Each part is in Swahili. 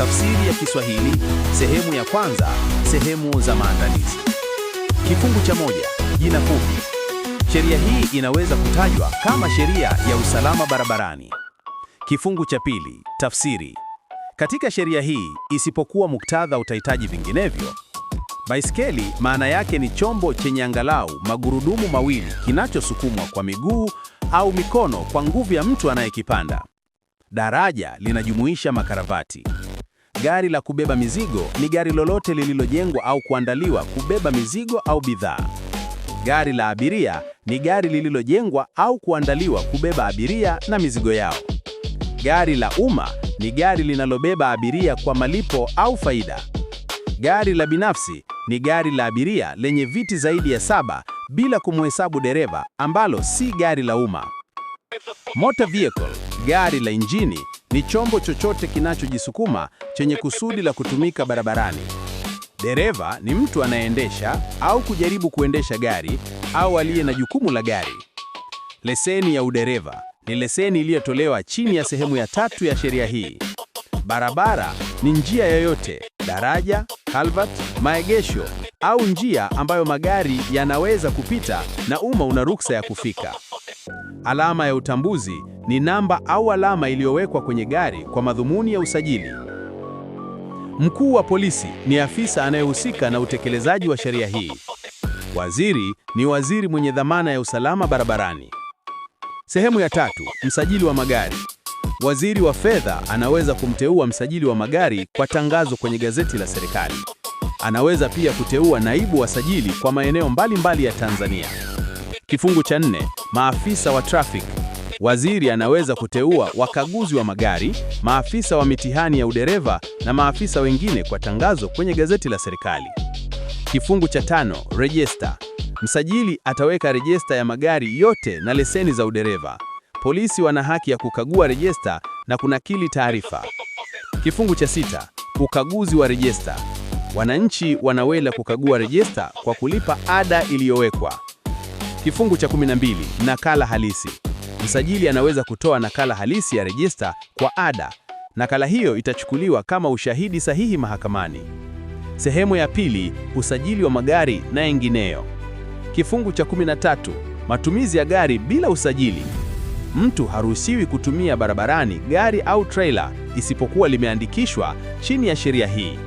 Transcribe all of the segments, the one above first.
Tafsiri ya Kiswahili sehemu ya kwanza, sehemu za maandalizi. Kifungu cha moja, jina fupi. Sheria hii inaweza kutajwa kama sheria ya usalama barabarani. Kifungu cha pili, tafsiri. Katika sheria hii, isipokuwa muktadha utahitaji vinginevyo, baiskeli maana yake ni chombo chenye angalau magurudumu mawili kinachosukumwa kwa miguu au mikono kwa nguvu ya mtu anayekipanda. Daraja linajumuisha makaravati. Gari la kubeba mizigo ni gari lolote lililojengwa au kuandaliwa kubeba mizigo au bidhaa. Gari la abiria ni gari lililojengwa au kuandaliwa kubeba abiria na mizigo yao. Gari la umma ni gari linalobeba abiria kwa malipo au faida. Gari la binafsi ni gari la abiria lenye viti zaidi ya saba bila kumhesabu dereva ambalo si gari la umma. Motor vehicle, gari la injini ni chombo chochote kinachojisukuma chenye kusudi la kutumika barabarani. Dereva ni mtu anayeendesha au kujaribu kuendesha gari au aliye na jukumu la gari. Leseni ya udereva ni leseni iliyotolewa chini ya sehemu ya tatu ya sheria hii. Barabara ni njia yoyote, daraja, culvert, maegesho au njia ambayo magari yanaweza kupita na umma una ruksa ya kufika. Alama ya utambuzi ni namba au alama iliyowekwa kwenye gari kwa madhumuni ya usajili. Mkuu wa polisi ni afisa anayehusika na utekelezaji wa sheria hii. Waziri ni waziri mwenye dhamana ya usalama barabarani. Sehemu ya tatu, msajili wa magari. Waziri wa fedha anaweza kumteua msajili wa magari kwa tangazo kwenye gazeti la serikali. Anaweza pia kuteua naibu wasajili kwa maeneo mbalimbali mbali ya Tanzania. Kifungu cha nne, maafisa wa traffic. Waziri anaweza kuteua wakaguzi wa magari, maafisa wa mitihani ya udereva na maafisa wengine kwa tangazo kwenye gazeti la serikali. Kifungu cha tano, rejista. Msajili ataweka rejista ya magari yote na leseni za udereva. Polisi wana haki ya kukagua rejista na kunakili taarifa. Kifungu cha sita, ukaguzi wa rejista. Wananchi wanaweza kukagua rejista kwa kulipa ada iliyowekwa. Kifungu cha 12, nakala halisi. Msajili anaweza kutoa nakala halisi ya rejista kwa ada. Nakala hiyo itachukuliwa kama ushahidi sahihi mahakamani. Sehemu ya pili, usajili wa magari na yengineyo. Kifungu cha 13, matumizi ya gari bila usajili. Mtu haruhusiwi kutumia barabarani gari au trailer isipokuwa limeandikishwa chini ya sheria hii.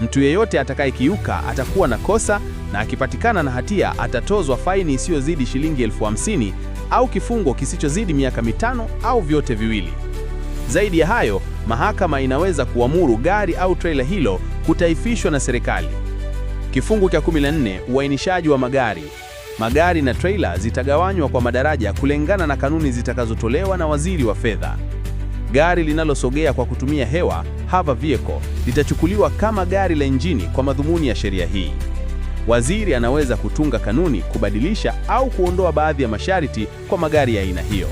Mtu yeyote atakayekiuka atakuwa na kosa na akipatikana na hatia atatozwa faini isiyozidi shilingi elfu hamsini au kifungo kisichozidi miaka mitano au vyote viwili. Zaidi ya hayo, mahakama inaweza kuamuru gari au trailer hilo kutaifishwa na serikali. Kifungu cha 14, uainishaji wa magari. Magari na trailer zitagawanywa kwa madaraja kulingana na kanuni zitakazotolewa na waziri wa fedha. Gari linalosogea kwa kutumia hewa, hover vehicle, litachukuliwa kama gari la injini kwa madhumuni ya sheria hii. Waziri anaweza kutunga kanuni, kubadilisha au kuondoa baadhi ya masharti kwa magari ya aina hiyo.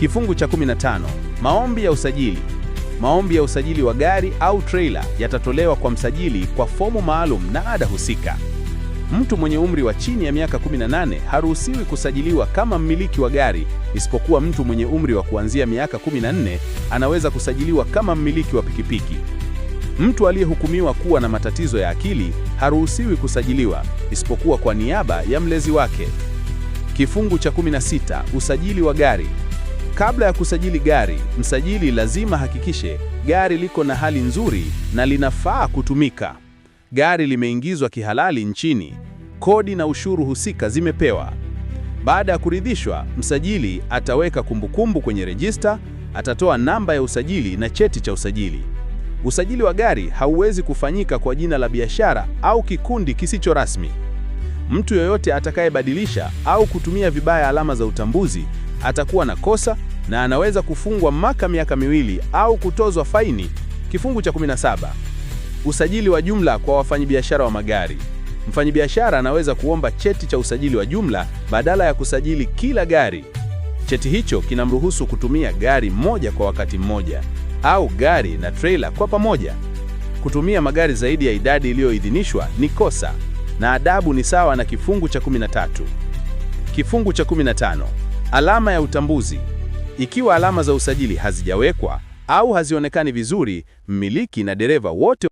Kifungu cha 15, maombi ya usajili. Maombi ya usajili wa gari au trailer yatatolewa kwa msajili kwa fomu maalum na ada husika. Mtu mwenye umri wa chini ya miaka 18 haruhusiwi kusajiliwa kama mmiliki wa gari, isipokuwa mtu mwenye umri wa kuanzia miaka 14 anaweza kusajiliwa kama mmiliki wa pikipiki. Mtu aliyehukumiwa kuwa na matatizo ya akili haruhusiwi kusajiliwa isipokuwa kwa niaba ya mlezi wake. Kifungu cha 16, usajili wa gari. Kabla ya kusajili gari, msajili lazima hakikishe gari liko na hali nzuri na linafaa kutumika. Gari limeingizwa kihalali nchini, kodi na ushuru husika zimepewa. Baada ya kuridhishwa, msajili ataweka kumbukumbu kwenye rejista, atatoa namba ya usajili na cheti cha usajili. Usajili wa gari hauwezi kufanyika kwa jina la biashara au kikundi kisicho rasmi. Mtu yoyote atakayebadilisha au kutumia vibaya alama za utambuzi atakuwa na kosa na anaweza kufungwa maka miaka miwili au kutozwa faini kifungu cha 17. Usajili wa jumla kwa wafanyabiashara wa magari. Mfanyabiashara anaweza kuomba cheti cha usajili wa jumla badala ya kusajili kila gari. Cheti hicho kinamruhusu kutumia gari moja kwa wakati mmoja au gari na trailer kwa pamoja. Kutumia magari zaidi ya idadi iliyoidhinishwa ni kosa na adabu ni sawa na kifungu cha 13. Kifungu cha 15. Alama ya utambuzi. Ikiwa alama za usajili hazijawekwa au hazionekani vizuri, mmiliki na dereva wote